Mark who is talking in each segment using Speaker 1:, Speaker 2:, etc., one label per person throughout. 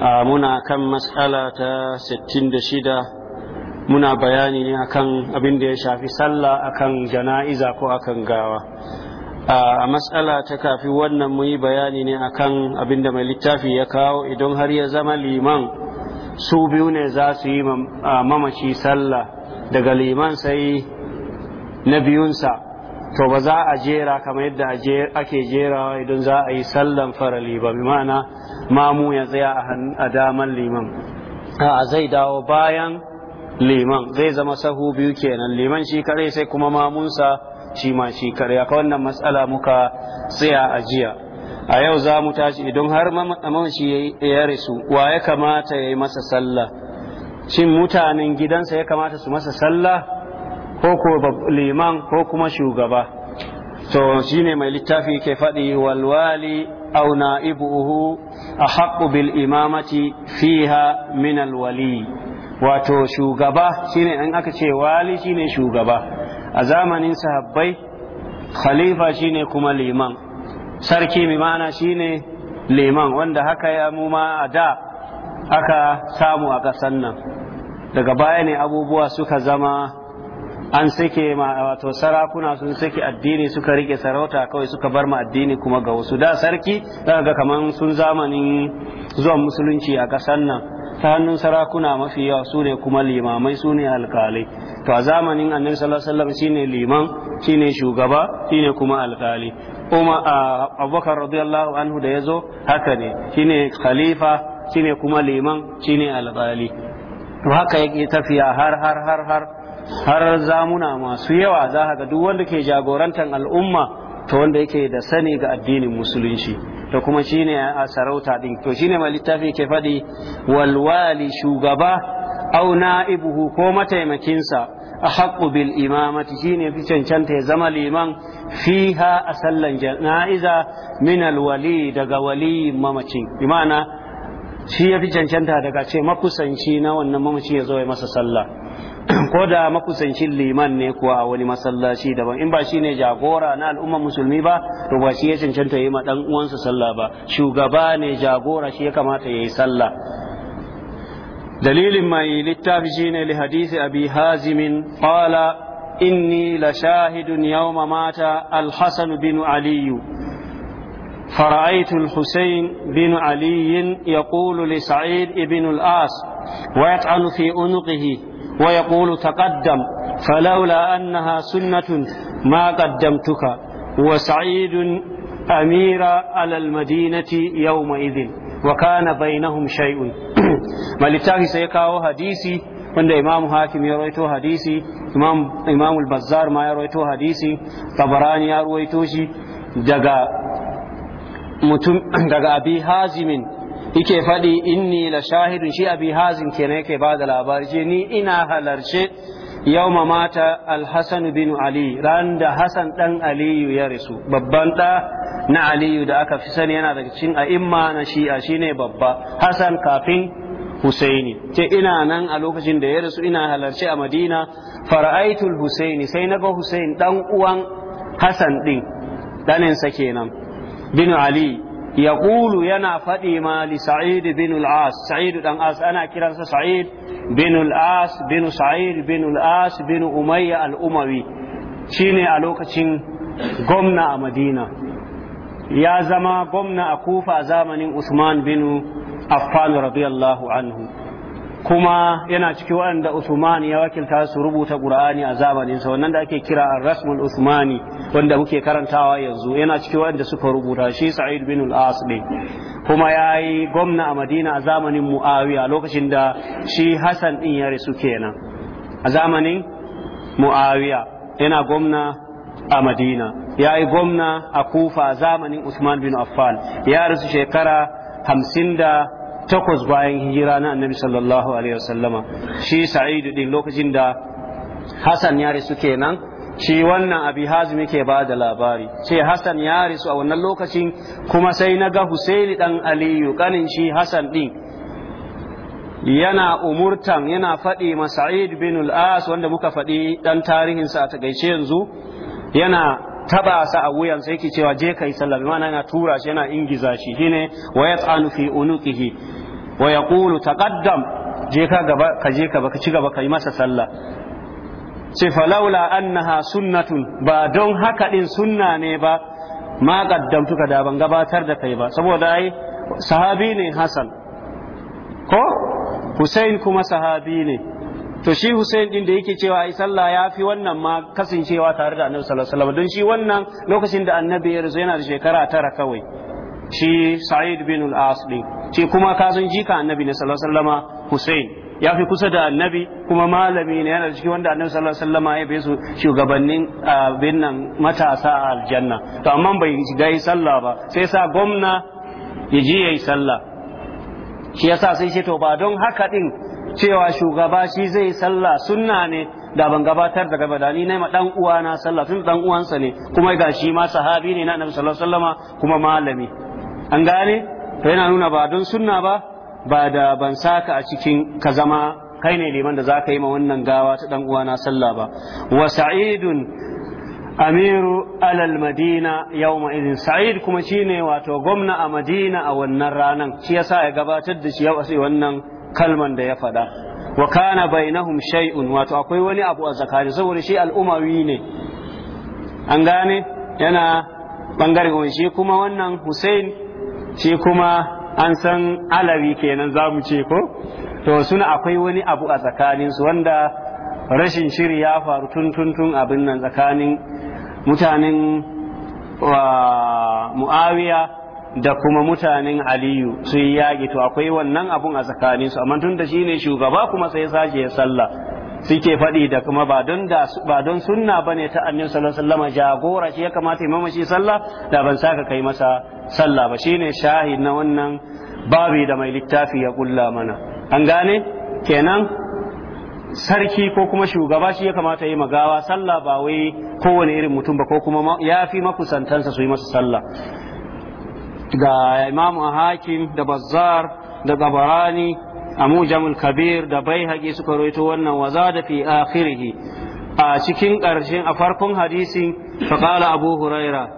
Speaker 1: muna kan mas'ala ta 66 muna bayani ne akan abin da ya shafi sallah akan jana'iza ko akan gawa a matsala ta kafi wannan muyi bayani ne akan abin da mai littafi ya kawo idan har ya zama liman su biyu ne za su yi mamaci sallah daga liman sai na biyunsa to ba za a jera kamar yadda ake jerawa idan za a yi sallan farali ba bi ma'ana mamu ya tsaya a daman liman a zai dawo bayan liman zai zama sahu biyu kenan liman shi kare sai kuma mamunsa shi ma shi kare aka wannan matsala muka tsaya a jiya a yau za mu tashi idan har shi ya rasu wa ya kamata ya yi masa sallah shin mutanen gidansa ya kamata su masa sallah ko ko liman ko kuma shugaba to shine mai littafi ke faɗi walwali aw na'ibuhu ahaqqu bil imamati fiha min alwali wato shugaba shine in aka ce wali shine shugaba a zamanin sahabbai khalifa shine kuma liman sarki mai ma'ana shine liman wanda haka ya mu a da aka samu a ƙasan nan daga baya ne abubuwa suka zama an sake wato sarakuna sun sake addini suka rike sarauta kawai suka bar ma addini kuma ga wasu da sarki zaka ga kaman sun zamanin zuwan musulunci a ƙasar nan ta hannun sarakuna mafi yawa su ne kuma limamai su ne alkalai to a zamanin annabi sallallahu alaihi wasallam shine liman shine shugaba shine kuma alkali kuma abubakar radiyallahu anhu da yazo haka ne shine khalifa shine kuma liman shine alkali to haka yake tafiya har har har har har zamuna masu yawa za ga duk wanda ke jagorantar al'umma ta wanda yake da sani ga addinin musulunci da kuma shi ne a sarauta din to ne mai littafi ke faɗi walwali shugaba au na'ibuhu ko mataimakinsa a haƙƙu bil imamati ne fi cancanta ya zama liman fiha a sallan jana'iza min alwali daga wali mamacin imana shi ya fi cancanta daga ce makusanci na wannan mamaci ya zo ya masa sallah ko da makusancin liman ne kuwa a wani masallaci daban in ba shi ne jagora na al'ummar musulmi ba to ba shi ya cancanta yi ma dan uwansa sallah ba shugaba ne jagora shi ya kamata ya yi sallah dalilin mai littafi shine li hadisi abi hazimin qala inni la shahidun yawma mata al bin aliyu فرأيت الحسين بن علي يقول لسعيد بن الآس ويطعن في أنقه ويقول تقدم فلولا أنها سنة ما قدمتك وسعيد أمير على المدينة يومئذ وكان بينهم شيء kana سيكاو حديثي wanda imamu hakim ya Kawo hadisi imam imamul bazzar ma ya rawaito hadisi tabarani ya rawaito shi daga mutum daga hazimin yake faɗi inni la shahidun shi abi hazin kenan yake ba da labari ce ni ina halarce yawma mata alhassan bin ali ran da hassan dan aliyu ya rasu babban da na aliyu da aka fi sani yana daga cikin a'imma na shi'a shine babba hassan kafin husaini ce ina nan a lokacin da ya rasu ina halarce a madina fara'aitul husaini sai na ga husain dan uwan hassan din ɗaninsa kenan bin ali yaqulu yana faɗi mali li sa'id bin al-as sa'id dan as ana kiransa sa'id bin al bin sa'id bin al bin umayya al-umawi shine a lokacin gwamna a madina ya zama gwamna a kufa a zamanin usman bin affan radiyallahu anhu kuma yana cikin waɗanda Usmani ya wakilta su rubuta Qur'ani a zamaninsa wannan da ake kira ar-rasmul Usmani wanda muke karantawa yanzu yana cikin waɗanda suka rubuta shi Sa'id bin al-As ne kuma yayi gwamna a Madina a zamanin Muawiya lokacin da shi Hassan din ya rasu kenan a zamanin Muawiya yana gwamna a Madina yayi gwamna a Kufa a zamanin Usman bin Affan ya rasu shekara hamsin da takwas bayan hijira na annabi sallallahu alaihi wasallama shi sa'idu din lokacin da hasan ya risu kenan shi wannan abi hazim yake ba da labari ce hasan ya risu a wannan lokacin kuma sai na ga husaini dan aliyu kanin shi hasan din yana umurtan yana faɗi ma sa'id bin al-as wanda muka faɗi dan tarihinsa a gaishe yanzu yana taba sa a wuyan sai yake cewa je kai sallah bi ma'ana yana tura shi yana ingiza shi shine wa yat'anu fi unuqihi wa yaqulu taqaddam je ka gaba ka je ka baka ci gaba kai masa sallah sai laula annaha sunnatun ba don haka din sunna ne ba ma ka da ban gabatar da kai ba saboda ai sahabi ne hasan ko husain kuma sahabi ne to shi Hussein din da yake cewa ai sallah ya fi wannan ma kasancewa tare da annabi sallallahu alaihi wasallam don shi wannan lokacin da annabi ya rizo yana da shekara tara kawai shi Sa'id bin al-As din shi kuma ji jika annabi ne sallallahu alaihi wasallama Hussein ya fi kusa da annabi kuma malami ne yana da ciki wanda annabi sallallahu alaihi wasallama ya bai su shugabannin abin nan matasa a aljanna to amma bai shiga yi sallah ba sai sa gwamna ya je yayi sallah shi yasa sai ce to ba don haka din cewa shugaba shi zai sallah sunna ne da ban gabatar da gaba da ni na dan na sallah tun dan uwansa ne kuma ga shi ma sahabi ne na annabi sallallahu alaihi wasallama kuma malami an gane to yana nuna ba don sunna ba ba da ban saka a cikin ka zama kai ne liman da zaka yi ma wannan gawa ta dan uwa na sallah ba wa sa'idun amiru alal madina yawma idin sa'id kuma shine wato gwamna a madina a wannan ranan shi yasa ya gabatar da shi yau a wannan kalman da ya faɗa wa kana bainahum shay'un wato akwai wani abu a zakari saboda shi al'umawi ne an gane yana bangare bangaren shi kuma wannan Hussein shi kuma an san alawi kenan za mu ce ko to suna akwai wani abu a su wanda rashin shiri ya faru tun tun tun abin nan tsakanin mutanen mu'awiya da kuma mutanen aliyu su yi yaƙi to akwai wannan abun a tsakaninsu amma tun da shine shugaba kuma sai sashi ya sallah suke faɗi da kuma ba don da ba ne ta annabi sallallahu alaihi jagora shi ya kamata imama shi sallah da ban saka kai masa sallah ba shine shahid na wannan babi da mai littafi ya kulla mana an gane kenan sarki ko kuma shugaba shi ya kamata yi magawa sallah ba wai kowane irin mutum ba ko kuma ya fi makusantansa su yi masa sallah da imam hakim da bazzar da gabarani a mujamul kabir da bai haƙi suka roito wannan waza da fi akhirihi a cikin ƙarshen a farkon hadisin faƙala abu huraira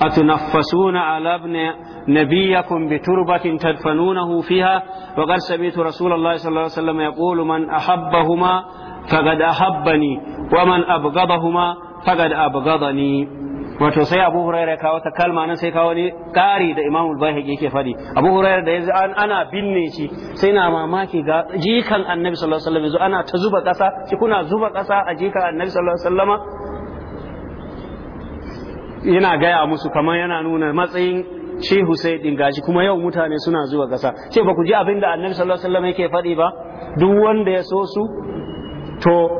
Speaker 1: a tunaffasuna alab ne nabiyakum bi turbatin tadfanunahu fiha wa qad sami'tu rasulullahi sallallahu alaihi wasallam yaqulu man ahabbahuma faqad ahabbani wa man abghadahuma faqad abghadani wato sai abu hurairah kawo ta kalma nan sai kawo ne ƙari da imam al bayhaqi yake faɗi abu hurairah da yanzu ana binne shi sai na mamaki ga jikan annabi sallallahu alaihi wasallam yanzu ana ta zuba ƙasa shi kuna zuba ƙasa a jikan annabi sallallahu alaihi wasallama yana gaya musu kamar yana nuna matsayin shi Hussein din gashi kuma yau mutane suna zuwa ƙasa ce ba ku ji abin da annabi sallallahu alaihi wasallam yake faɗi ba duk wanda ya so su to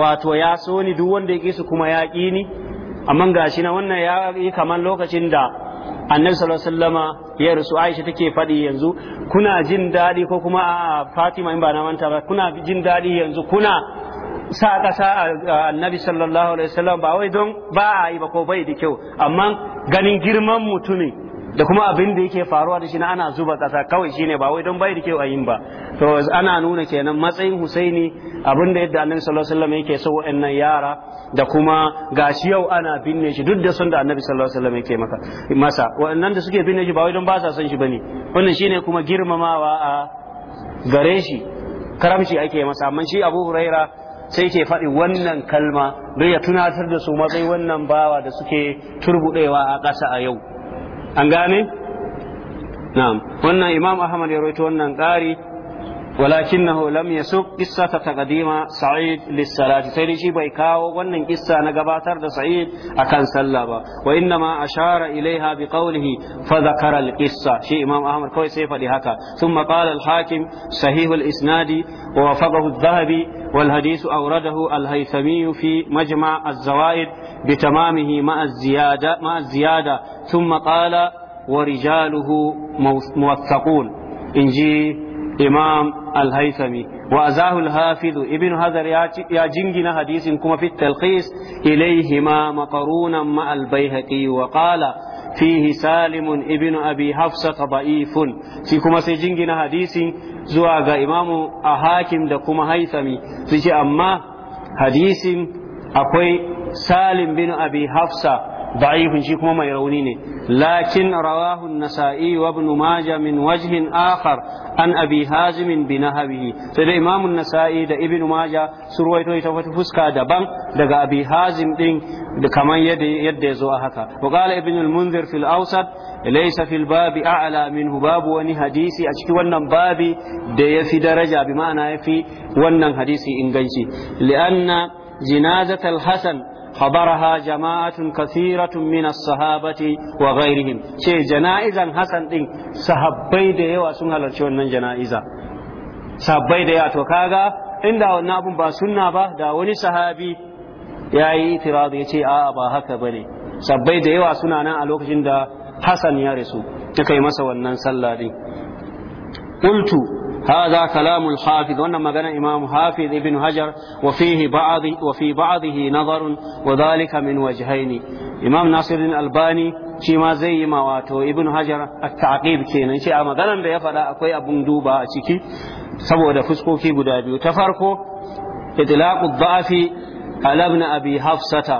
Speaker 1: wato ya so ni duk wanda ya ƙi su kuma ya ƙi ni amma shi na wannan ya yi kamar lokacin da annabi sallallahu alaihi wasallama ya rasu Aisha take faɗi yanzu kuna jin daɗi ko kuma a Fatima in ba na manta ba kuna jin daɗi yanzu kuna sa ƙasa annabi sallallahu alaihi wasallam ba wai don ba a yi ba ko bai da kyau amma ganin girman mutumin da kuma abin da yake faruwa da shi na ana zuba kasa kawai shine ba wai don bai da kyau a yin ba to ana nuna kenan matsayin Husaini abin da yadda Annabi sallallahu alaihi wasallam yake so wa'annan yara da kuma gashi yau ana binne shi duk da son da Annabi sallallahu alaihi wasallam yake maka masa wa'annan da suke binne shi ba wai don ba sa son shi bane wannan shine kuma girmamawa a gare shi karamci ake masa amma shi Abu Huraira sai ke faɗi wannan kalma don ya tunatar da su matsayi wannan bawa da suke turbuɗewa a ƙasa a yau an gane? na'am wannan imam ahmad ya wannan ƙari walakin na lam ya so kissa ta takadima sa'id lissalati sai dai shi bai kawo wannan kissa na gabatar da sa'id a kan sallah ba wa inna ma ashara ilaiha bi qawlihi fa dhakara al shi imam ahmad kawai sai faɗi haka sun qala al hakim sahihul al isnadi wa wafaqahu al dhahabi wal hadith awradahu al fi majma' al بتمامه مع الزيادة, مع الزيادة ثم قال ورجاله موثقون إنجي إمام الهيثمي وأزاه الحافظ ابن هذا يا جنجنا حديث كما في التلخيص إليهما مقرونا مع البيهقي وقال فيه سالم ابن أبي حفصة ضعيف في كما سيجنجنا حديث زواغ إمام أهاكم دكما هيثمي سيجي أما حديث أقوي salim bin abi hafsa ضعيف شيكم ما يرونيني لكن رواه النسائي وابن ماجه من وجه آخر عن أبي هازم بنهبه سيدا إمام النسائي دا ابن ماجه سروي توي توفت فسكا دبان دا أبي هازم دين دا كمان يد يد هكا وقال ابن المنذر في الأوسط ليس في الباب أعلى منه باب وني حديثي أشكي ونن بابي دا يفي درجة بمعنى يفي ونن حديثي إنجيسي لأن جنازة الحسن حضرها جماعة كثيرة sahabati wa وغيرهم ce jana'izan Hassan ɗin sahabbai da yawa sun halarci wannan jana'iza sahabbai da ya to kaga inda wannan abun ba sunna ba da wani sahabi yayi itiradu yace a'a ba haka bane sabbai da yawa suna nan a lokacin da Hassan ya rasu ta kai masa wannan sallah din qultu هذا كلام الحافظ وانما قال امام حافظ ابن Hajar وفيه بعض وفي بعضه نظر وذلك من وجهين امام ناصر الالباني shi ma zai yi mawato ibn hajar at-taqib kenan shi a maganar da ya faɗa akwai abun duba a ciki saboda fuskoki guda biyu ta farko itlaqu dha'fi ala ibn abi hafsata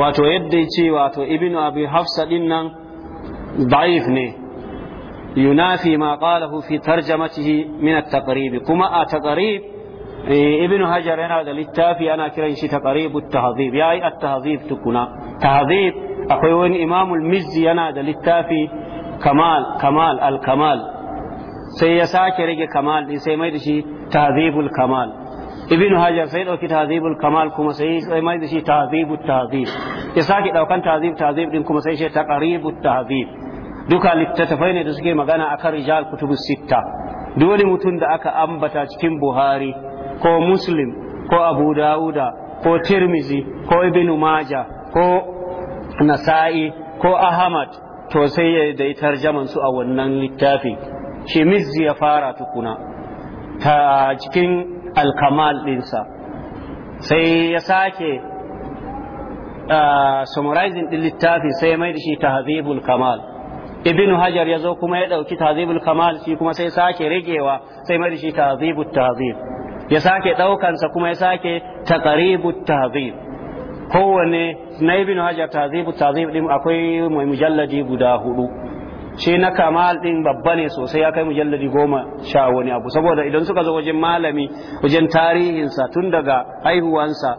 Speaker 1: wato yadda ya ce wato ibn abi hafsa din nan da'if ne ينافي ما قاله في ترجمته من التقريب كما آه تقريب إيه، ابن هجر أنا هذا في أنا كرين شي تقريب التهذيب ياي التهذيب تكون تهذيب أقول إمام المزي أنا هذا في كمال كمال الكمال سيساك رجع كمال سي سيميدشي تهذيب الكمال ابن هجر سيد أو تهذيب الكمال كما سي سيميدشي تهذيب التهذيب يساك لو كان تهذيب تهذيب كما سيشي تقريب التهذيب duka littattafai ne da suke magana akan rijal kutubus sitta dole mutum da aka ambata cikin buhari ko muslim ko abu dauda ko tirmizi ko ibn maja ko nasa'i ko ahmad to sai ya da tarjaman su a wannan littafi shi mizzi ya fara tukuna ta cikin alkamal dinsa sai ya sake ah, summarizing din littafi sai mai da shi tahzibul kamal Ibinu hajar ya zo kuma ya ɗauki tazibul kamal shi kuma sai sake rigewa sai mai shi tazibul tazib ya sake ɗaukansa kuma ya sake taqribut tazib kowane na Ibinu hajar tazibul tazib din akwai mai mujalladi guda hudu shi na kamal ɗin babba ne sosai ya kai mujalladi goma sha wani abu saboda idan suka zo wajen malami wajen tarihinsa tun daga haihuwansa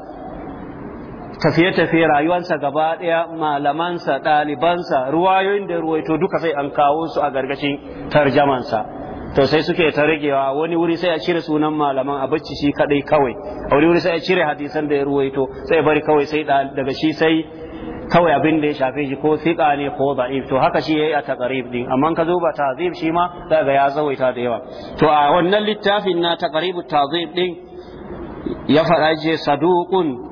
Speaker 1: tafiye-tafiye rayuwarsa gaba ɗaya malamansa ɗalibansa ruwayoyin da ruwaito duka sai an kawo su a gargashin tarjamansa to sai suke ta ragewa wani wuri sai a cire sunan malaman a bacci shi kadai kawai a wani wuri sai a cire hadisan da ya ruwaito sai bari kawai sai daga shi sai kawai abin da ya shafe shi ko fiqa ne ko da'if to haka shi yayi a taqrib din amma ka zo ba ta'zib shi ma daga ya zawaita da yawa to a wannan littafin na taqribu ta'zib din ya faɗa je saduqun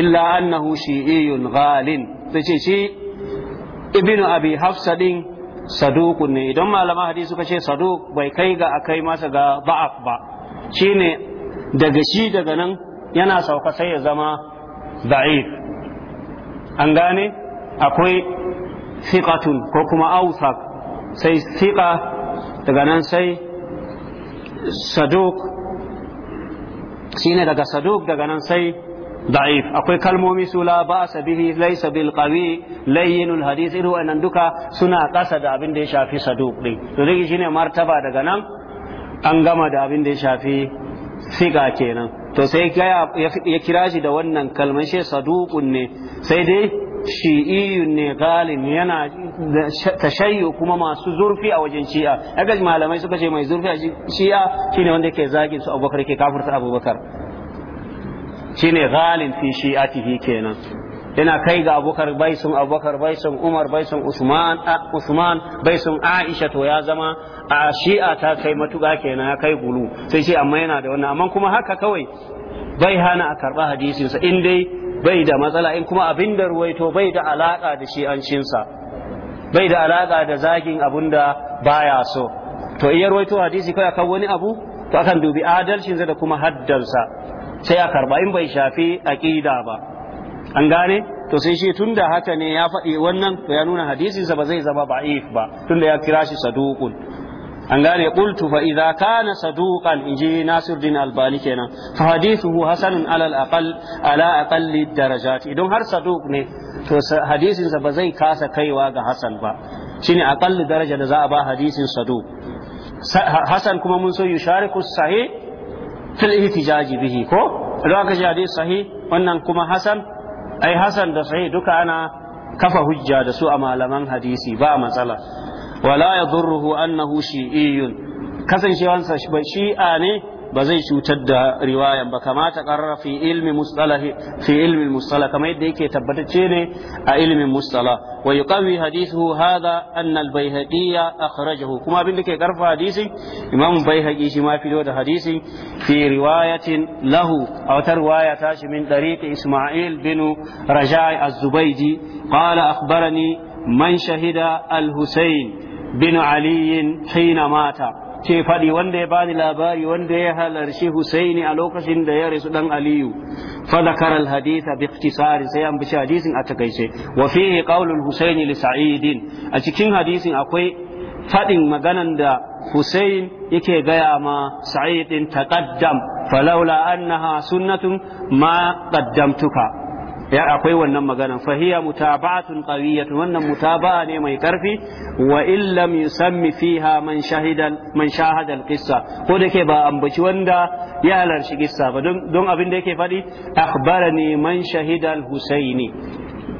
Speaker 1: illa annahu shi'iyun ghalin sai ce shi ibnu abi hafsa din saduqun ne idan malama hadisi suka ce saduq bai kai ga akai masa ga ba'af ba shine daga shi daga nan yana sauka sai ya zama da'if an gane akwai thiqatun ko kuma awsaq sai thiqa daga nan sai saduq shine daga saduq daga nan sai da'if akwai kalmomi su la ba sa bihi laysa bil qawi layyinul suna kasa da abin da ya shafi saduq din to shine martaba daga nan an gama da abin da ya shafi siga kenan to sai ya kira shi da wannan kalmar shi saduqun ne sai dai shi'iyun ne galin yana tashayyu kuma masu zurfi a wajen shi'a haka malamai suka ce mai zurfi a shi'a shine wanda ke zagin su abubakar ke kafirta abubakar shine ghalin fi shi'atihi kenan yana kai ga abubakar baisun abubakar baisun umar baisun usman usman baisun aisha to ya zama a shi'a ta kai matuƙa kenan ya kai gulu sai shi amma yana da wannan amma kuma haka kawai bai hana a karɓa hadisinsa in dai bai da matsala in kuma abin da ruwaito bai da alaƙa da shi'ancinsa bai da alaƙa da zagin abin da baya so to iya ruwaito hadisi kawai kan wani abu to akan dubi adalcinsa da kuma haddansa sai a karba in bai shafi aqida ba an gane to sai shi tunda haka ne ya faɗi wannan to ya nuna hadisinsa ba zai zama ba'if ba tunda ya kira shi saduqun an gane qultu fa idza kana saduqan inji nasiruddin albani kenan fa hadithuhu hasanun ala al ala aqalli darajat idan har saduq ne to hadisinsa ba zai kasa kaiwa ga hasan ba shine aqalli daraja da za a ba hadisin saduq hasan kuma mun so yushariku sahih fil ihtijaji bihi ko idan aka ji hadisi sahih wannan kuma hasan ai hasan da sahih duka ana kafa hujja da su a malaman hadisi ba matsala wala yadhurruhu annahu shi'iyyun kasancewansa shi'a ne ba zai cutar da riwayan ba kamata karra fi ilmi mustalah fi ilmi kamar yadda yake tabbatacce ne a ilmin mustala wa yuqawi hadithu hadha anna al-baihaqi akhrajahu kuma abin da ke karfa hadisin imam baihaqi shi ma fito da hadisi fi riwayatin lahu wata tarwaya tashi min dariq isma'il bin raja'i az-zubaydi qala akhbarani man shahida al-husayn bin ali hina mata ce faɗi wanda ya bani labari wanda ya halarci Husaini a lokacin da ya rasu dan Aliyu fa zakara al haditha bi ikhtisari sai an bishi hadisin a takaice wa fihi qaulul Husaini li a cikin hadisin akwai faɗin maganan da Husain yake gaya ma Sa'idin din taqaddam falaula annaha sunnatun ma qaddamtuka ya akwai wannan maganan fahiya mutaba'atun qawiyyatun wannan mutaba'a ne mai karfi wa in lam yusammi fiha man shahida man shahada ko da ke ba ambaci wanda ya halarci kissa ba don don abin da yake fadi akhbarani man shahida al-husaini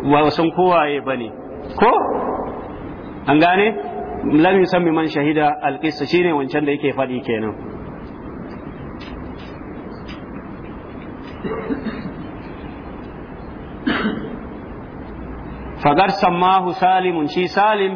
Speaker 1: wa san kowaye bane ko an gane lam yusammi man shahida alqissa shine wancan da yake fadi kenan fagar sammahu salimun shi salim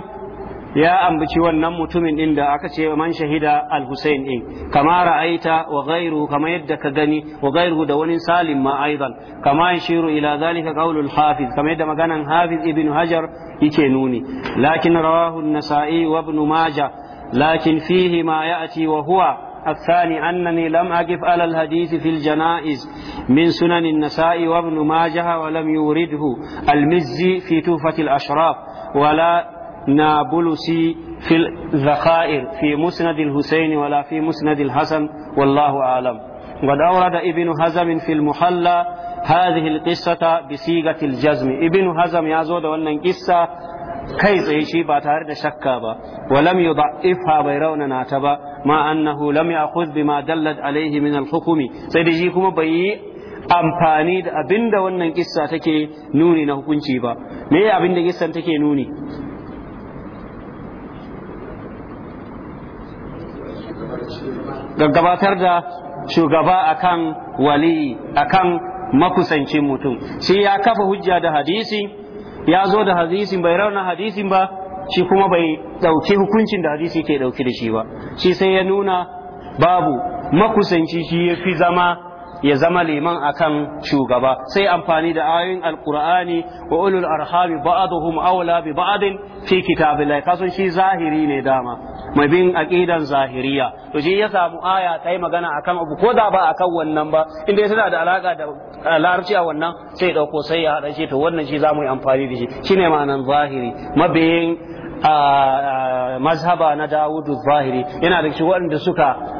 Speaker 1: ya ambaci wannan mutumin din da aka ce man shahida al-Husayn din kama ra'aita wa ghayruhu kama yadda ka gani wa da wani salim ma aidan kama yashiru ila zalika qawlul hafiz kama yadda maganan hafiz ibn hajar yake nuni lakin rawahu an-nasa'i wa ibn majah lakin fihi ma ya'ti wa huwa الثاني أنني لم أقف على الحديث في الجنائز من سنن النساء وابن ماجه ولم يورده المزي في توفة الأشراف ولا نابلسي في الذخائر في مسند الحسين ولا في مسند الحسن والله أعلم قد أورد ابن هزم في المحلى هذه القصة بسيغة الجزم ابن هزم يا زود وأن القصة kai tsaye shi ba tare da shakka ba wa lam yudha'ifha bai raunana ta ba ma annahu lam ya'khudh bima dallat alaihi min al-hukmi sai da shi kuma bai yi amfani da abinda wannan kissa take nuni na hukunci ba me ya abinda kissan take nuni gaggabatar da shugaba akan wali akan makusancin mutum shi ya kafa hujja da hadisi ya zo da hadisin bai rauna hadisin ba shi kuma bai ɗauki hukuncin da hadisi ke ɗauki da shi ba shi sai ya nuna babu makusanci shi ya fi zama ya zama liman akan shugaba sai amfani da ayoyin alqur'ani wa ulul arhami ba'dhum awla bi ba'd fi kitabillahi kasan shi zahiri ne dama mai bin aqidan zahiriya to shi ya samu aya ta yi magana akan abu ko da ba akan wannan ba inda ya tana da alaka da larabci a wannan sai dauko sai ya hada shi to wannan shi zamu yi amfani da shi shine ma'anan zahiri mabiyin mazhaba na Dawudu zahiri yana da shi waɗanda suka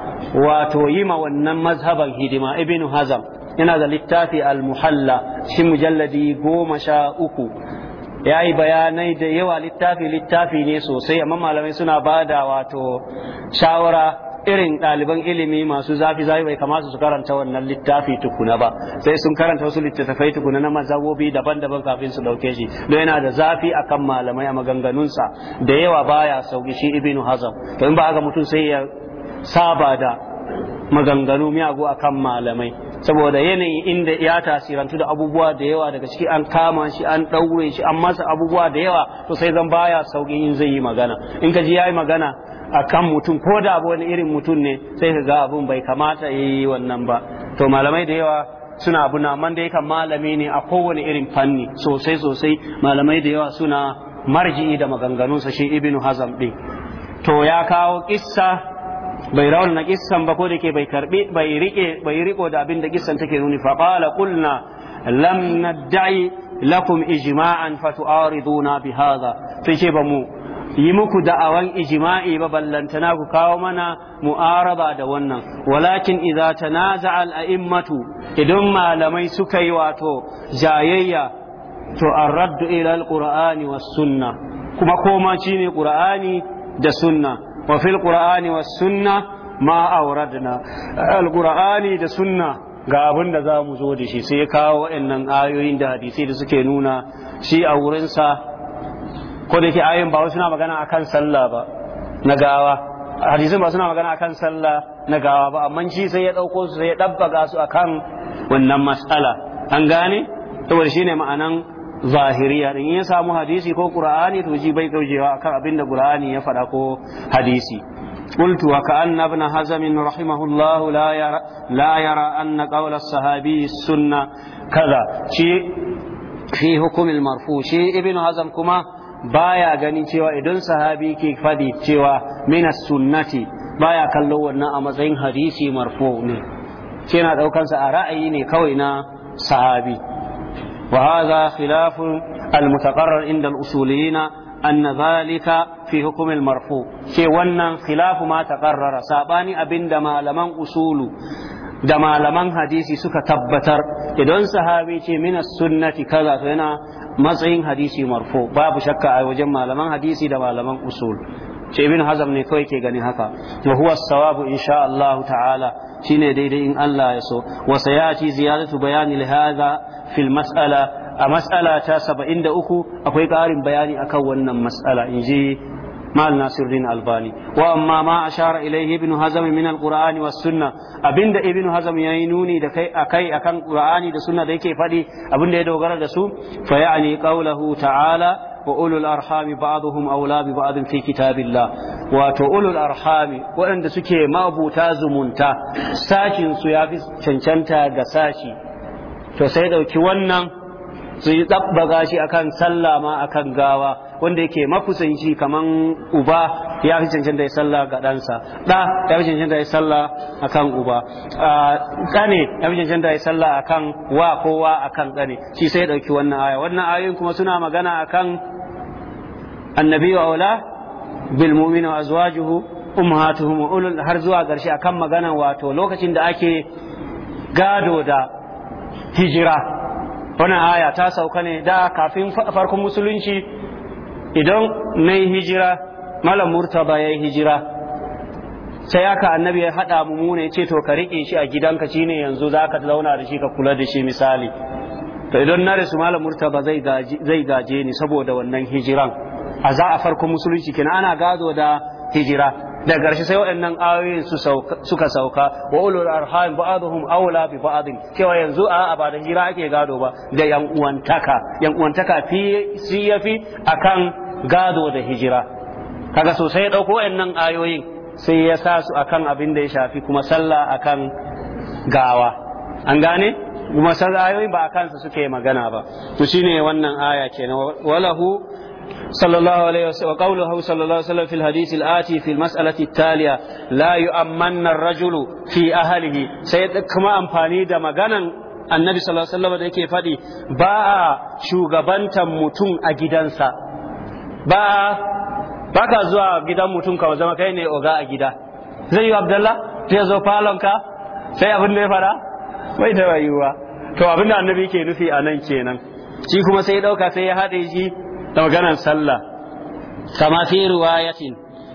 Speaker 1: wato yi ma wannan mazhaban hidima ibn hazam yana da littafi al-muhalla shi mujalladi goma sha uku ya yi bayanai da yawa littafi littafi ne sosai amma malamai suna ba da wato shawara irin ɗaliban ilimi masu zafi zafi bai kamata su karanta wannan littafi tukuna ba sai sun karanta wasu littattafai tukuna na mazhabobi daban-daban kafin su ɗauke shi don yana da zafi akan malamai a maganganunsa da yawa baya sauki shi ibnu hazam to in ba ga mutum sai ya saba da maganganu miyagu akan malamai saboda yanayi inda ya tasirantu da abubuwa da yawa daga ciki an kama shi an ɗaure shi an masa abubuwa da yawa to sai zan baya sauƙin in zai yi magana in ka ji ya yi magana a kan mutum ko da abu wani irin mutum ne sai ka ga abun bai kamata ya yi wannan ba to malamai da yawa suna abu na man da kan malami ne a kowane irin fanni sosai sosai malamai da yawa suna marji'i da maganganunsa shi ibnu hazam ɗin to ya kawo kissa bai na kissan ba ko da ke bai karbi bai rike bai riko da abin da kissan take nuni fa qala qulna lam nad'i lakum ijma'an fatu'ariduna bi hadha sai ce ba mu yi muku da'awan ijma'i ba ballantana ku kawo mana mu'araba da wannan walakin idza tanaza'a al-a'immatu idan malamai suka yi wato jayayya to ar-raddu ila al-qur'ani was-sunnah kuma koma shine qur'ani da sunna wa fil qur'ani was sunna ma awradna qurani da sunna ga abin da za mu zo da shi sai ya kawo waɗannan ayoyin da hadisai da suke nuna shi a wurinsa ko da ke ayoyin ba suna magana akan sallah ba na gawa hadisin ba suna magana akan sallah na gawa ba amma shi sai ya ɗauko su sai ya ɗabbaga su akan wannan matsala an gane saboda ne ma'anan zahiriya din ya samu hadisi ko qur'ani to bai kaujewa akan abin da qur'ani ya faɗa ko hadisi قلت وكأن ابن هزم رحمه الله لا يرى, لا يرى أن قول الصحابي السنة كذا شيء في حكم المرفوع شيء ابن baya ganin cewa idan sahabi ke fadi cewa mina sunnati baya kallo wannan a matsayin hadisi marfu ne yana daukansa a ra'ayi ne kawai na sahabi وهذا خلاف المتقرر عند الأصوليين أن ذلك في حكم المرفوع شيء ونن خلاف ما تقرر ساباني أبن دما لمن أصول دما لمن حديثي سك تبتر إذن صحابي من السنة كذا فينا matsayin hadisi marfo babu shakka a wajen malaman hadisi da malaman usul ce ibn hazam ne kawai ke ganin haka wa huwa sawabu insha Allah ta'ala shine daidai in Allah ya so wa sayati ziyaratu bayani li hadha fil mas'ala a mas'ala ta 73 akwai ƙarin bayani akan wannan mas'ala inji مال ناصر الدين الباني واما ما اشار اليه ابن هزم من القران والسنه abinda ibn hazam yayi nuni da kai akai akan qur'ani da sunna da yake fadi abinda ya dogara da su fa ya'ni qawluhu ta'ala wa ulul arhami ba'dhum awla bi ba'd fi kitabillah wato ulul arhami waɗanda suke mabuta zumunta sashin su yafi cancanta ga sashi to sai dauki wannan su yi tsabbaga shi akan sallah ma akan gawa wanda yake makusanci kaman uba ya fi cancanta ya sallah ga ɗansa ɗa ya fi cancanta ya sallah akan uba ƙane ya fi cancanta ya sallah akan wa kowa akan ƙane shi sai dauki ɗauki wannan aya wannan ayoyin kuma suna magana akan annabi wa aula bil mu'minu azwajuhu ummahatuhum ulul har zuwa ƙarshe akan magana wato lokacin da ake gado da hijira wannan aya ta sauka ne da kafin farkon musulunci idan mai hijira malam murtaba ya yi hijira sai aka annabi ya haɗa mu mu ne ce to ka riƙe shi a gidanka shine yanzu zaka zauna da shi ka kula da shi misali to idan na rasu malam murtaba zai gaje ni saboda wannan hijiran a za a farkon musulunci kenan ana gado da hijira da ƙarshe sai waɗannan ayoyin suka sauka wa ulul arham ba'dhum awla bi cewa yanzu a ba da hijira ake gado ba da yan uwantaka yan uwantaka fi si yafi akan gado da hijira kaga sosai ya dauko waɗannan ayoyin sai ya sa su akan abin da ya shafi kuma sallah akan gawa an gane kuma ayoyin ba akan su suke magana ba to shine wannan aya kenan walahu صلى الله عليه وسلم وقوله صلى الله عليه وسلم في الحديث الآتي في المسألة التالية faɗi ba shugabantan mutum a gidansa ba ba zuwa gidan mutum ka zama kai ne oga a gida zai yi abdallah zai zo ka. sai abin da ya fara bai da rayuwa to abinda annabi ke nufi a nan kenan shi kuma sai ya ɗauka sai ya haɗe shi da maganar sallah kama fi riwayatin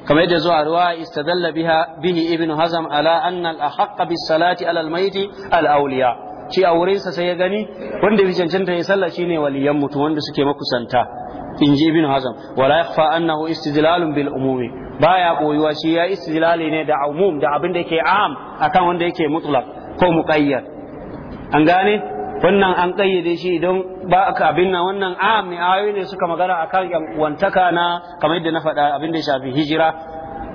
Speaker 1: kamar yadda zuwa ruwa istadalla biha bihi ibnu hazam ala anna al haqqa bis salati ala al-mayti al-awliya shi a sa sai ya gani wanda bi cancanta ya sallah shine waliyan mutum wanda suke makusanta in ji ibnu hazam wala yakhfa annahu istidlalun bil umumi baya koyuwa shi ya istidlali ne da umum da abin da yake am akan wanda yake mutlaq ko muqayyad an gane wannan an kayyade shi idan ba aka abin nan wannan a ne ne suka magana akan yan uwantaka na kamar yadda na faɗa abin da shafi hijira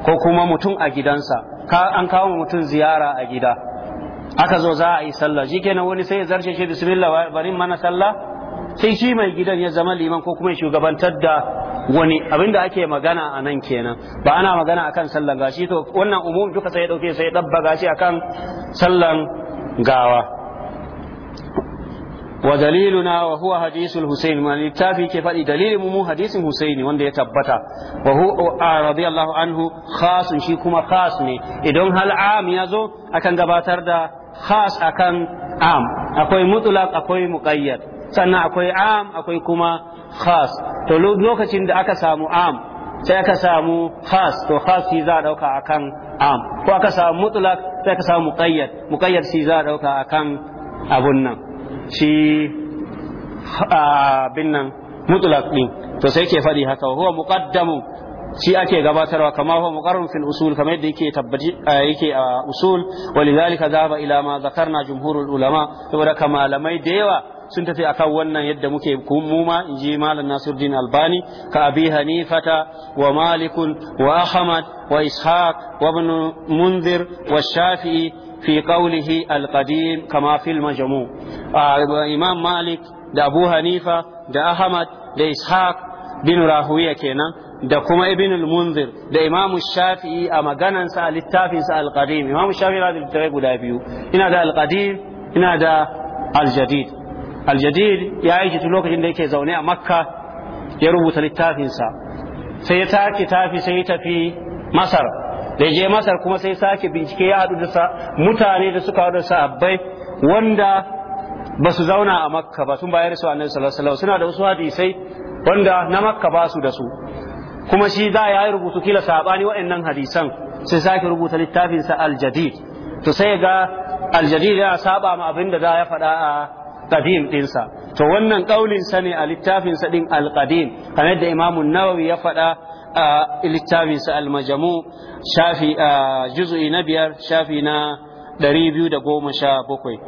Speaker 1: ko kuma mutum a gidansa ka an kawo mutum ziyara a gida aka zo za a yi sallah kenan wani sai ya zarce shi bismillah bari mana sallah sai shi mai gidan ya zama liman ko kuma ya shugabantar da wani abin da ake magana a nan kenan ba ana magana akan sallan gashi to wannan umum duka sai ya dauke sai ya dabba gashi akan sallan gawa wa daliluna wa huwa hadisul husayn ma littafi ke faɗi dalilin mu hadisin husaini wanda ya tabbata wa huwa radiyallahu anhu khasun shi kuma khas ne idan hal am ya zo akan gabatar da khas akan am akwai mutlaq akwai muqayyad sannan akwai am akwai kuma khas to lokacin da aka samu am sai aka samu khas to khas shi za a dauka akan am ko aka samu mutlaq sai aka samu muqayyad muqayyad shi za a dauka akan abun nan shi abin nan mutlaq din to sai ke faɗi haka huwa muqaddamun shi ake gabatarwa kama huwa muqarrarun fil usul kamar yadda yake tabbaci yake a usul walidhalika dhaba ila ma zakarna jumhurul ulama saboda malamai da yawa sun tafi akan wannan yadda muke mu ma in ji malam Nasiruddin Albani ka Abi Hanifata wa malikun wa Ahmad wa Ishaq wa Ibn Munzir wa Shafi'i fi qawlihi al-qadim kama fil majmu imam malik da abu hanifa da ahmad da ishaq bin rahuya kenan da kuma ibn al da imam shafi'i a maganansa a littafinsa al-qadim imam shafi'i na da littafai guda biyu ina da al-qadim ina da al-jadid al-jadid ya yi tun lokacin da yake zaune a makka ya rubuta littafinsa sai ya take tafi sai ya tafi masar da je masar kuma sai sake bincike ya hadu da mutane da suka haɗu da sahabbai wanda ba su zauna a makka ba sun bayar su annabi sallallahu alaihi suna da wasu hadisai wanda na makka ba su da su kuma shi za ya yi rubutu kila sabani waɗannan hadisan sai sake rubuta littafin sa al to sai ga al yana saba ma abin da za ya faɗa a qadim dinsa to wannan kaulin sa ne a littafin sa din al kamar da imamu nawawi ya faɗa littafinsa almajamu shafi a na biyar shafi na ɗari biyu da goma sha bakwai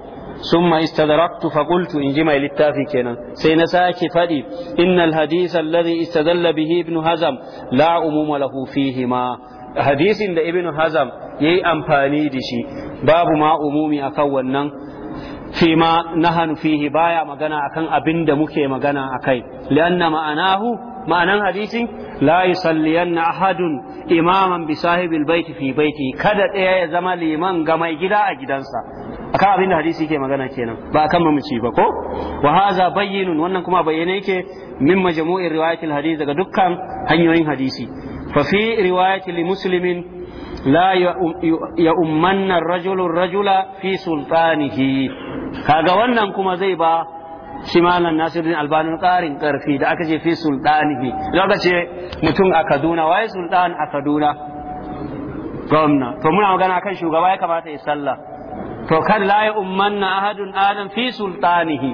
Speaker 1: sun ma istadaraktu fagultu in ji mai littafi kenan sai na sake faɗi innal hadisan ladhi istadalla bihi ibnu hazam la umuma lahu ma hadisin da ibnu hazam yayi amfani da shi babu ma umumi akan wannan fi ma nahanu fihi baya magana akan abinda muke magana akai lianna ma'anahu ma'anan hadisin la yusalliyanna ahadun imaman bi sahibil baiti fi baiti kada ɗaya ya zama liman ga mai gida a gidansa akan abin da hadisi ke magana kenan ba akan mamaci ba ko wa haza bayyinun wannan kuma bayyane yake min majmu'ir riwayatil hadisi daga dukkan hanyoyin hadisi fa fi riwayati li muslimin la ya um, ummanna rajulun rajula fi sultanihi kaga wannan kuma zai ba shi malam nasiruddin albani karin karfi da aka ce fi sultanihi da aka ce mutum a kaduna waye sultan a kaduna gwamna to muna magana kan shugaba ya kamata ya sallah to kad la ya ummanna ahadun adam fi sultanihi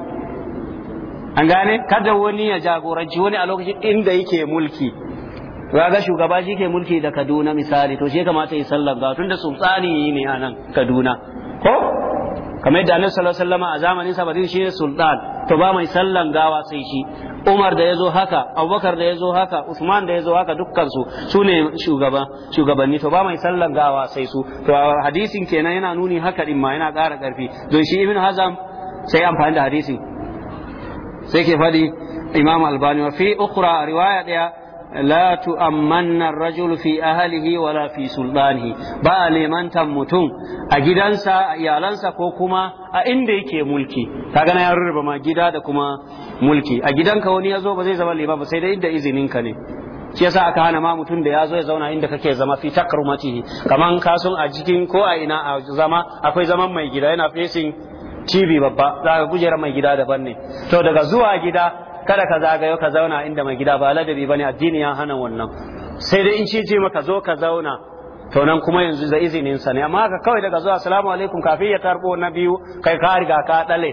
Speaker 1: an gane kada wani ya jagoranci wani a lokacin inda yake mulki ga shugaba shi ke mulki da kaduna misali to shi ya kamata ya sallar ga tunda da sultani ne a nan kaduna ko kamar yadda annabi sallallahu alaihi wasallam a zamanin sa bazin shi ne sultan to ba mai sallan gawa sai shi Umar da ya zo haka Abubakar da ya zo haka Usman da ya zo haka dukkan su ne shugabanni to ba mai sallan gawa sai su to hadisin kenan yana nuni haka din ma yana ƙara ƙarfi don shi Ibn Hazam sai amfani da hadisin sai ke faɗi Imam Albani wa fi ukhra riwaya daya la tu'ammanna ar-rajulu fi ahlihi wala fi sultanihi ba lemantan mutum a gidansa a iyalansa ko kuma a inda yake mulki kaga na ya rurruba ma gida da kuma mulki a gidanka wani ya zo ba zai zama lema ba sai dai inda izinin ka ne shi yasa aka hana ma mutum da ya zo ya zauna inda kake zama fi kamar kaman kasun a jikin ko a ina a zama akwai zaman mai gida yana fesin TV babba za ka gujera mai gida daban ne to daga zuwa gida kada ka zagayo ka zauna inda mai gida ba ladabi bane addini ya hana wannan sai dai in shi ce maka zo ka zauna to nan kuma yanzu da izinin sa ne amma haka kawai daga zuwa assalamu alaikum kafin ya tarbo na biyu kai ka riga ka dale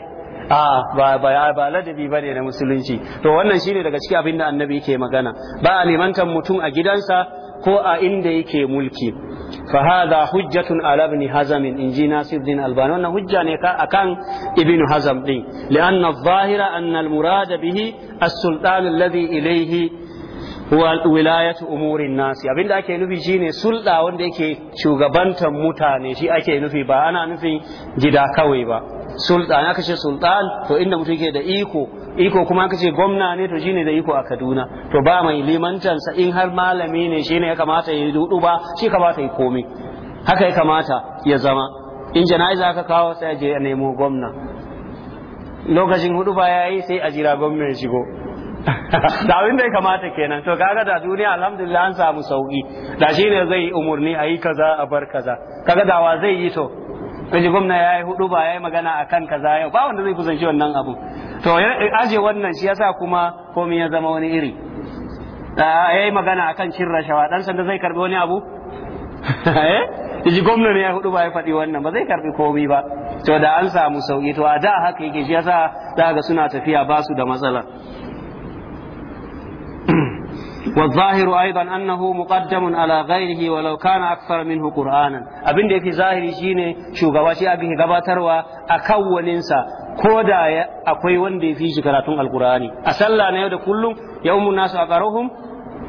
Speaker 1: a ba ba ba ladabi bane na musulunci to wannan shine daga cikin abin annabi yake magana ba a limantan mutum a gidansa ko a inda yake mulki fa hadha hujjatun ala ibn hazm in ji nasiruddin albani wannan hujja ne ka akan ibn hazam din li'anna adh-dhahira anna al-murad bihi as-sultan alladhi ilayhi huwa wilayatu umurin nasi abinda ake nufi shine sulda wanda yake shugabantar mutane shi ake nufi ba ana nufin gida kawai ba sultan aka ce sultan to inda mutum yake da iko iko kuma aka ce gwamna ne to shine da iko a Kaduna to ba mai limantansa in har malami ne shine ya kamata ya dudu ba shi kamata ya komai haka ya kamata ya zama in jana'iza aka kawo sai je a nemo gwamna lokacin hudu ba yayi sai a jira gwamna ya shigo da abin da ya kamata kenan to kaga da duniya alhamdulillah an samu sauki da shine zai umurni ayi kaza a bar kaza kaga wa zai yi to kaji gwamna ya yi hudu ba ya yi magana a kan kaza yau ba wanda zai kusanci wannan abu to aje wannan shi yasa kuma komai ya zama wani iri ya yi magana a kan cin rashawa dan sanda zai karbi wani abu eh? ji gwamna ne ya hudu ba ya faɗi wannan ba zai karbi komai ba to da an samu sauki to a da haka yake shi yasa za ga suna tafiya ba su da matsala والظاهر أيضا أنه مقدم على غيره ولو كان أكثر منه قرآنا أبن دي في ظاهر شيني شو غواشي أبيه غباتر وأكو ننسى كودا أكوي وندي في شكراتون القرآن أسأل نيو كل يوم الناس أقرهم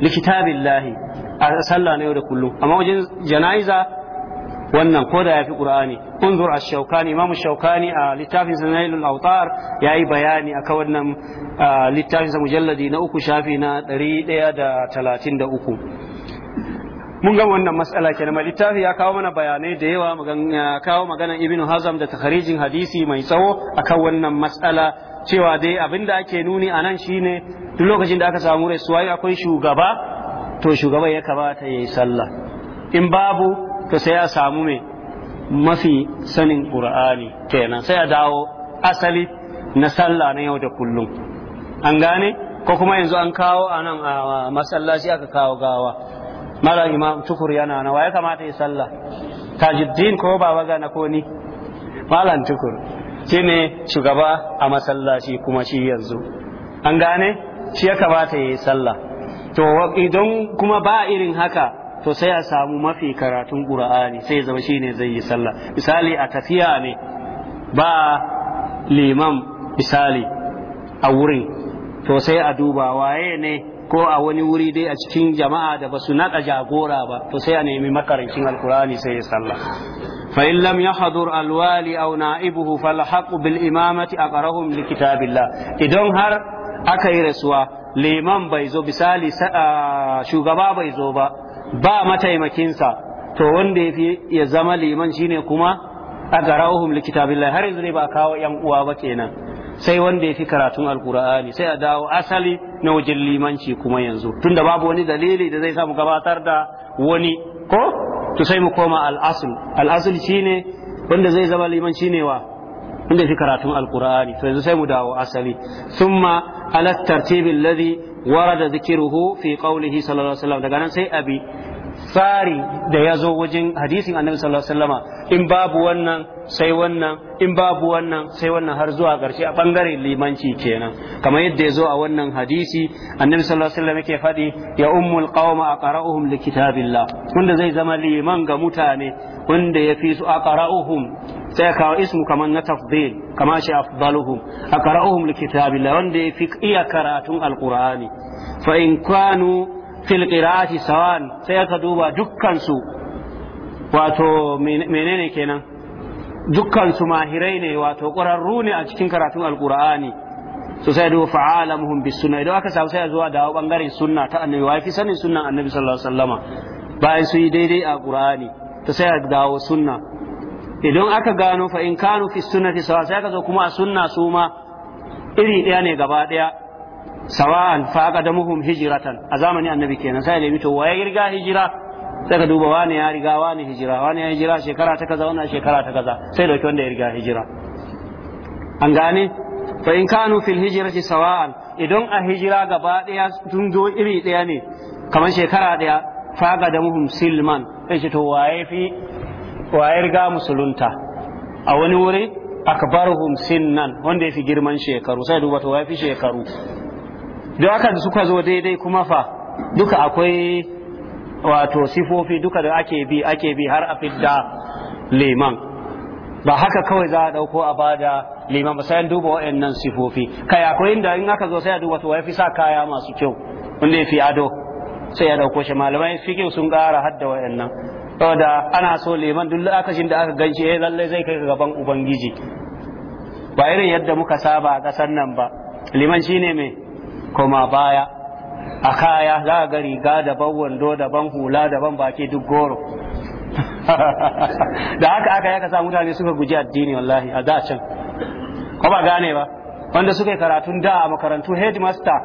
Speaker 1: لكتاب الله أسأل نيو كل أما وجن جنائزة wannan ko da yafi qur'ani unzur ash-shawkani imam ash-shawkani a littafin al awtar yayi bayani akan wannan littafin mujalladi na uku shafi na 133 mun ga wannan mas'ala kenan mai littafi ya kawo mana bayanai da yawa kawo maganan ibnu hazam da takharijin hadisi mai tsawo akan wannan mas'ala cewa dai abinda ake nuni a nan shine duk lokacin da aka samu rasuwa akwai shugaba to shugaban ya kamata ya yi sallah in babu to sai ya samu me mafi sanin qur'ani kenan sai ya dawo asali na sallah na yau da kullum an gane ko kuma yanzu an kawo a nan a masallaci aka kawo gawa mara imam tukur yana na ya kamata ya sallah tajiddin ko baba gana ko ni malam tukur shine shugaba a masallaci kuma shi yanzu an gane shi ya kamata ya yi sallah to idan kuma ba irin haka to sai a samu mafi karatun ƙura'ani sai zama shi ne zai yi sallah misali a tafiya ne ba liman misali a wurin to sai a duba waye ne ko a wani wuri dai a cikin jama'a da ba su naɗa jagora ba to sai a nemi makarancin alkurani sai ya sallah fa in lam yahdur alwali aw na'ibuhu falhaqu bil imamati aqrahum li kitabillah idan har aka yi rasuwa liman bai zo misali shugaba bai zo ba ba mataimakinsa to wanda yafi ya zama liman shine kuma agarauhum likitabillah har yanzu ne ba kawo yan uwa ba kenan sai wanda yafi karatun alqur'ani sai a dawo asali na wajen limanci kuma yanzu tunda babu wani dalili da zai samu gabatar da wani ko to sai mu koma al-asl al shine wanda zai zama liman shine wa wanda fi karatun alqur'ani to yanzu sai mu dawo asali summa ala tartibi alladhi warada zikiruhu fi qawlihi sallallahu alaihi wasallam daga nan sai abi tsari da ya zo wajen hadisin annabi sallallahu alaihi wasallama in babu wannan sai wannan in babu wannan sai wannan har zuwa ƙarshe a bangaren limanci kenan kamar yadda ya zo a wannan hadisi annabi sallallahu alaihi wasallam yake faɗi ya ummul qauma aqra'uhum likitabillah wanda zai zama liman ga mutane wanda ya fi su aqra'uhum sai ya kawo ismu kamar na tafdil kama shi afdaluhum aqra'uhum likitabillah wanda fi iya karatun alqur'ani fa in kanu fil qira'ati sawan sai ka duba dukkansu wato menene kenan dukkan su mahirai ne wato ƙwararru ne a cikin karatun alqur'ani so sai duba fa'alamuhum bis suna idan aka samu sai zuwa dawo bangaren suna ta annabi wai fi sanin sunnan annabi sallallahu alaihi wasallama bayan su yi daidai a qur'ani ta sai dawo sunna idan aka gano fa in kanu fi sunnati sawa sai aka zo kuma a sunna su ma iri daya ne gaba daya. sawa'an fa muhum hijratan a zamani annabi kenan sai da to waye riga hijira sai ka duba wani ya riga wani hijira wani ya hijira shekara ta kaza wannan shekara ta kaza sai dauki wanda ya riga hijira an gane fa in kanu fil hijrati sawa'an idan a hijira gaba daya sun zo iri daya ne kamar shekara daya fa muhum silman sai to waye fi wa ya riga musulunta a wani wuri akbaruhum sinnan wanda ya fi girman shekaru sai duba to ya fi shekaru don haka da suka zo daidai kuma fa duka akwai wato sifofi duka da ake bi ake bi har a fidda liman ba haka kawai za a dauko a bada liman ba sai duba wa'annan sifofi kai akwai inda in aka zo sai a duba to ya fi sa kaya masu kyau wanda ya fi ado sai ya dauko shi malamai fiqh sun kara hadda waɗannan saboda ana so leman duk lokacin da aka ganshi eh lallai zai kai gaban ubangiji ba irin yadda muka saba a ƙasar nan ba liman shine me. kuma baya a kaya za ga riga daban wando daban hula daban baki duk goro da haka aka yaka sa mutane suka guji addini wallahi a da can ko ba gane ba wanda suka yi karatun da a makarantu headmaster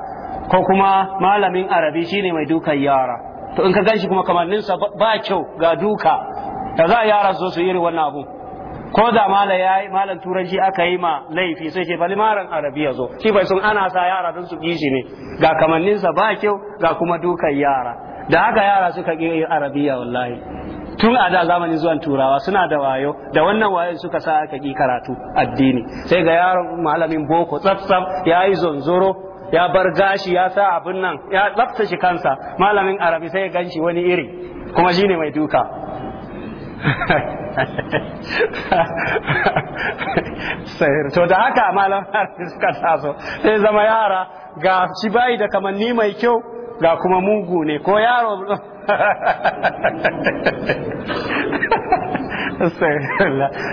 Speaker 1: ko kuma malamin arabi shine mai dukan yara to in ka ganshi kuma kamanninsa ba kyau ga duka da za a yara zo su irin wannan abu ko da malam yayi malam turanci aka yi ma laifi sai ce bali maran arabiya zo shi bai sun ana sa yara don su kishi ne ga kamanninsa ba kyau ga kuma dukan yara da haka yara suka ki arabiya wallahi tun a da zamanin zuwan turawa suna da wayo da wannan wayon suka sa aka ki karatu addini sai ga yaron malamin boko tsatsam yayi zonzoro ya bar gashi ya sa abin nan ya tsafta shi kansa malamin arabi sai ya shi wani iri kuma shine mai duka sayar to da haka malam arabi suka taso sai zama yara ga shi bayi da kamanni mai kyau ga kuma mugu ne ko yaro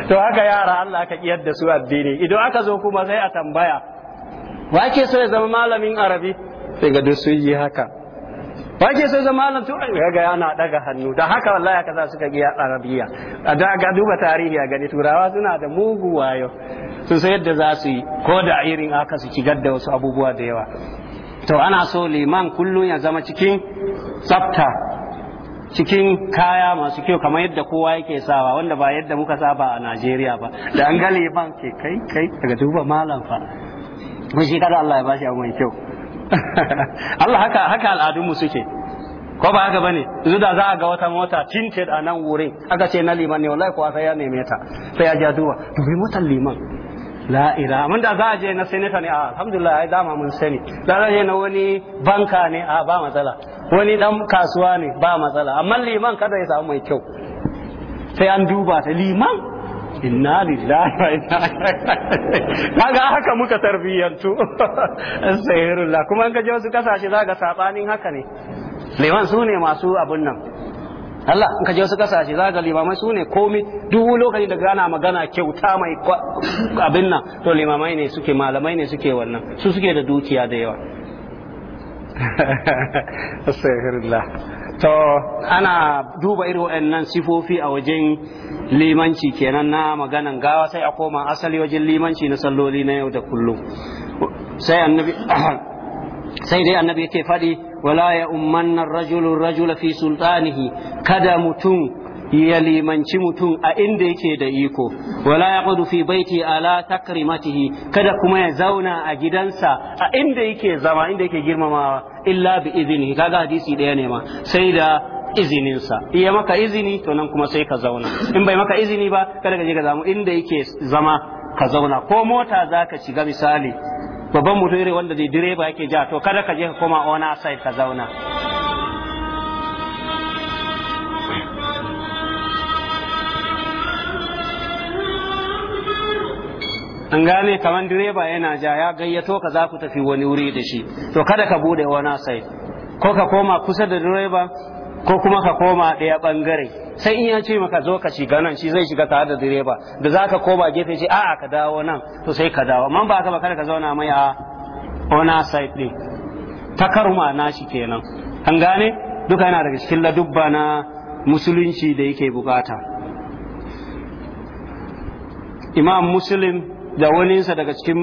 Speaker 1: to haka yara Allah ka kiyar da su addini idan aka zo kuma sai a tambaya wa ke so ya zama malamin arabi sai ga duk sun yi haka wa ke so ya zama malam turanci ga yana daga hannu da haka wallahi haka za ka giya arabiya a da ga duba tarihi a gani turawa suna da mugu wayo su sai yadda za su yi ko da irin aka su shigar da wasu abubuwa da yawa to ana so liman kullum ya zama cikin tsafta cikin kaya masu kyau kamar yadda kowa yake sawa wanda ba yadda muka saba a Najeriya ba da an ga liman ke kai kai daga duba malam fa mun shi kada Allah ya bashi abu mai kyau Allah haka haka al'adunmu suke ko ba haka bane yanzu da za a ga wata mota tinted a nan wurin aka ce na liman ne wallahi kuwa sai ya neme ta sai ya ja duwa to bai motar liman la ila mun da za a je na senator ne a alhamdulillah ai dama mun sani da za a je na wani banka ne a ba matsala wani dan kasuwa ne ba matsala amma liman kada ya samu mai kyau sai an duba ta liman inna lillahi wa inna kaga haka muka tarbiyantu sayyidullah kuma an ka wasu kasashe zaka sabanin haka ne liman su ne masu abun nan Allah in ka je wasu kasashe zaka limamai su ne komai duk lokacin da gana magana kyauta mai abin nan to limamai ne suke malamai ne suke wannan su suke da dukiya da yawa astaghfirullah to ana duba irin waɗannan sifofi a wajen limanci kenan na maganan gawa sai a koma asali wajen limanci na salloli na yau da kullum sai annabi sai dai annabi yake faɗi wala ya ummanna rajulun rajula fi sultanihi kada mutum ya limanci mutum a inda yake da iko wala ya fi baiti ala takrimatihi kada kuma ya zauna a gidansa a inda yake zama inda yake girmamawa illa bi izini kaga hadisi daya ne ma sai da izininsa iya maka izini to nan kuma sai ka zauna in bai maka izini ba kada ka je ka zamu inda yake zama ka zauna ko mota zaka shiga misali babban mutum irin wanda direba yake ja to kada ka je ka koma ona side ka zauna an gane kamar direba yana ja ya gayyato ka za ku tafi wani wuri da shi to kada ka bude wani sai ko ka koma kusa da direba ko kuma ka koma ɗaya bangare sai in ya ce maka zo ka shiga nan shi zai shiga tare da direba da za ka koma gefe ce a'a ka dawo nan to sai ka dawo man ba ka kada ka zauna mai a ona ɗin takaruma na shi kenan an gane duka yana daga cikin ladubba na musulunci da yake bukata imam muslim da waninsa daga cikin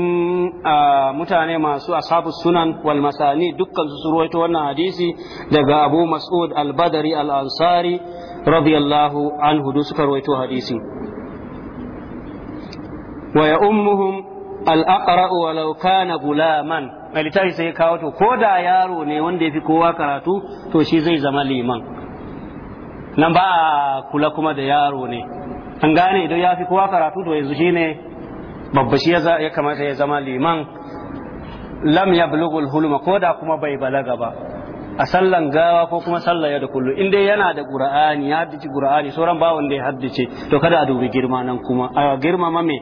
Speaker 1: mutane masu ashabu sunan wal masani dukkan su wannan hadisi daga Abu Mas'ud al badari al-Ansari radiyallahu anhu du suka ruwaito hadisi wa ya ummuhum al-aqra walau kana gulaman alitashi sai kawo to ko da yaro ne wanda yafi kowa karatu to shi zai zama liman nan ba kula kuma da yaro ne an gane idan ya fi kowa karatu to yanzu shine babba shi ya kamata ya zama liman lam ya bulugul hulma ko da kuma bai balaga ba a sallan gawa ko kuma sallar yau da kullu in dai yana da qur'ani ya haddace qur'ani sauran ba wanda ya haddace to kada a dubi girma nan kuma a girmama me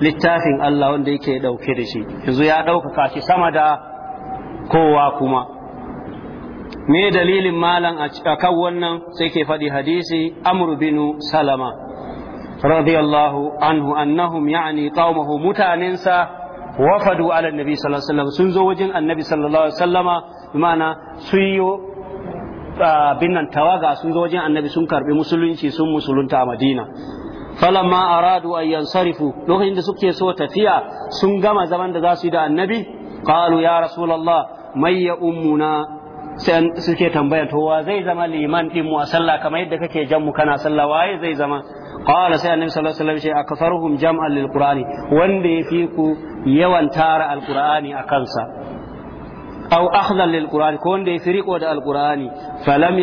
Speaker 1: littafin Allah wanda yake dauke da shi yanzu ya dauka shi sama da kowa kuma me dalilin malam a kan wannan sai ke faɗi hadisi amru binu salama radiyallahu anhu annahum ya'ni qaumahu mutanensa wafadu ala nabi sallallahu alaihi sun zo wajen annabi sallallahu alaihi wasallama sun yi ah, binnan tawaga sun zo wajen annabi sun karɓi musulunci sun musulunta a madina falamma aradu an yansarifu lokacin da suke so tafiya sun gama zaman da za su yi da annabi qalu ya rasulullah mai ya ummuna sai suke zai zama liman din mu a sallah kamar yadda kake jan mu kana sallah waye zai zama qala sai annabi sallallahu alaihi ce aksaruhum jam'an lil qur'ani wanda yafi ku yawan tara al a kansa aw akhdan lil ko wanda yafi riko da al qur'ani falam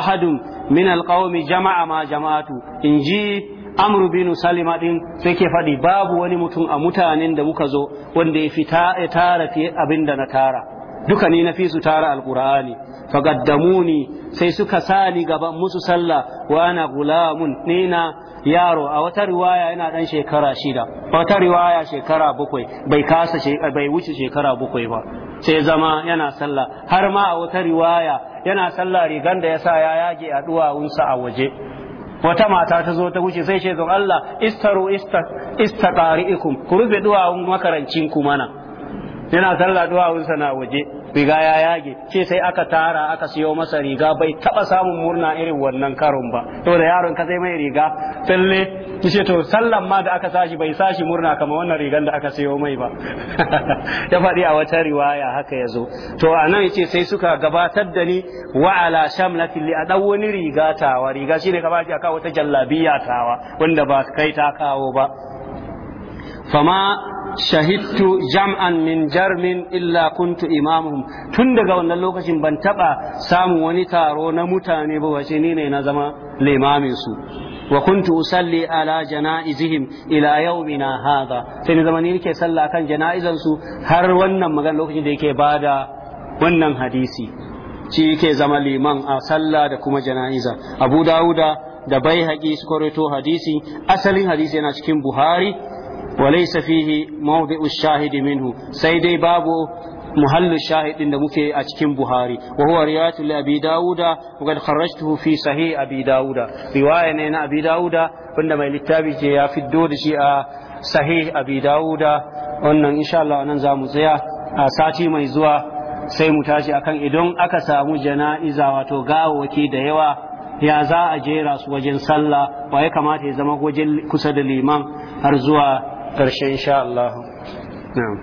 Speaker 1: ahadun min al qaumi jama'a ma jama'atu inji amru binu salima ɗin sai ke faɗi babu wani mutum a mutanen da muka zo wanda ya fi tara fiye abin da na tara duka ni na fi su tara alqur'ani fagaddamuni sai suka sani gaban musu sallah wa ana gulamun nina yaro a wata riwaya yana dan shekara shida a wata riwaya shekara bakwai bai kasa bai wuce shekara bakwai ba sai zama yana sallah har ma a wata riwaya yana sallah rigan da ya sa ya yage a duwawunsa a waje wata mata ta zo ta wuce sai ce don Allah istaru istaqari'ikum ku rufe duwawun makarancin ku mana yana sallah duwawunsa na waje riga ya yage ce sai aka tara aka siyo masa riga bai taba samun murna irin wannan karon ba to da yaron ka sai mai riga tsalle ce to sallan ma da aka sashi bai sashi murna kamar wannan rigan da aka siyo mai ba ya faɗi a wata riwaya haka ya zo to a nan ce sai suka gabatar da ni wa ala shamlatin li a ɗan wani riga tawa riga shine ka bashi aka wata jallabiya tawa wanda ba kai ta kawo ba fama shahidtu jam'an min jarmin illa kuntu imamuhum tun daga wannan lokacin ban taɓa samun wani taro na mutane ba wace na zama limamin su wa kuntu usalli ala janaizihim ila yau yawmina hadha sai ni zama ni nake sallah kan janaizan har wannan magana lokacin da yake da wannan hadisi shi yake zama liman a sallah da kuma janaiza abu dauda da bai haƙi su hadisi asalin hadisi yana cikin buhari وليس فيه موضع الشاهد منه سيدي بابو محل الشاهد عند مكي أتكين بهاري وهو رواية لأبي داود وقد خرجته في صحيح أبي داود رواية نينا أبي داود عندما يلتابي في الدور صحيح أبي داود وأن إن شاء الله ننزام زيا ساتي ميزوا sai mu tashi akan idan aka samu jana'iza wato gawawaki da yawa ya za a jera su wajen sallah ba ya kamata ya zama wajen kusa da liman har zuwa ƙarshe insha Allah na'am